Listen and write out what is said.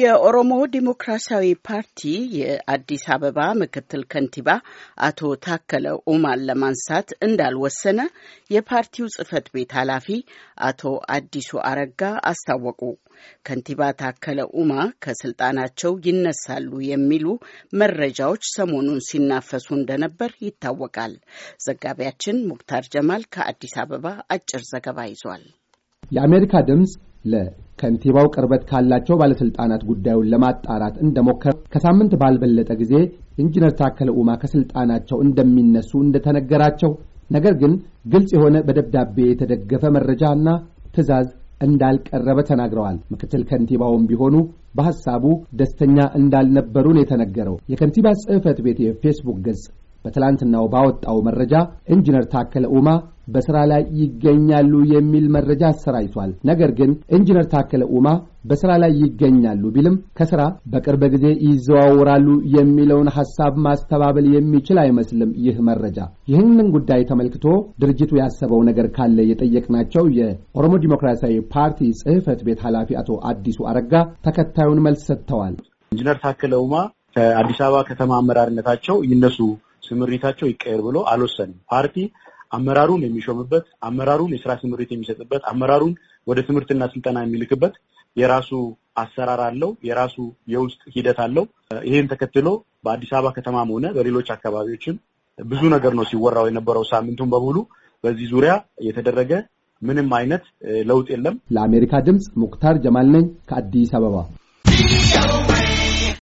የኦሮሞ ዲሞክራሲያዊ ፓርቲ የአዲስ አበባ ምክትል ከንቲባ አቶ ታከለ ኡማን ለማንሳት እንዳልወሰነ የፓርቲው ጽህፈት ቤት ኃላፊ አቶ አዲሱ አረጋ አስታወቁ። ከንቲባ ታከለ ኡማ ከስልጣናቸው ይነሳሉ የሚሉ መረጃዎች ሰሞኑን ሲናፈሱ እንደነበር ይታወቃል። ዘጋቢያችን ሙክታር ጀማል ከአዲስ አበባ አጭር ዘገባ ይዟል። የአሜሪካ ድምፅ ከንቲባው ቅርበት ካላቸው ባለሥልጣናት ጉዳዩን ለማጣራት እንደሞከረ ከሳምንት ባልበለጠ ጊዜ ኢንጂነር ታከለ ኡማ ከሥልጣናቸው እንደሚነሱ እንደተነገራቸው፣ ነገር ግን ግልጽ የሆነ በደብዳቤ የተደገፈ መረጃና ትዕዛዝ እንዳልቀረበ ተናግረዋል። ምክትል ከንቲባውም ቢሆኑ በሐሳቡ ደስተኛ እንዳልነበሩን የተነገረው የከንቲባ ጽሕፈት ቤት የፌስቡክ ገጽ በትላንትናው ባወጣው መረጃ ኢንጂነር ታከለ ኡማ በስራ ላይ ይገኛሉ የሚል መረጃ አሰራጅቷል። ነገር ግን ኢንጂነር ታከለ ኡማ በስራ ላይ ይገኛሉ ቢልም ከስራ በቅርብ ጊዜ ይዘዋውራሉ የሚለውን ሐሳብ ማስተባበል የሚችል አይመስልም ይህ መረጃ። ይህንን ጉዳይ ተመልክቶ ድርጅቱ ያሰበው ነገር ካለ የጠየቅናቸው የኦሮሞ ዲሞክራሲያዊ ፓርቲ ጽሕፈት ቤት ኃላፊ አቶ አዲሱ አረጋ ተከታዩን መልስ ሰጥተዋል። ኢንጂነር ታከለ ኡማ ከአዲስ አበባ ከተማ አመራርነታቸው ይነሱ ስምሪታቸው ይቀየር ብሎ አልወሰንም። ፓርቲ አመራሩን የሚሾምበት፣ አመራሩን የስራ ስምሪት የሚሰጥበት፣ አመራሩን ወደ ትምህርትና ስልጠና የሚልክበት የራሱ አሰራር አለው። የራሱ የውስጥ ሂደት አለው። ይህን ተከትሎ በአዲስ አበባ ከተማም ሆነ በሌሎች አካባቢዎችም ብዙ ነገር ነው ሲወራው የነበረው ሳምንቱን በሙሉ በዚህ ዙሪያ የተደረገ ምንም አይነት ለውጥ የለም። ለአሜሪካ ድምፅ ሙክታር ጀማል ነኝ ከአዲስ አበባ።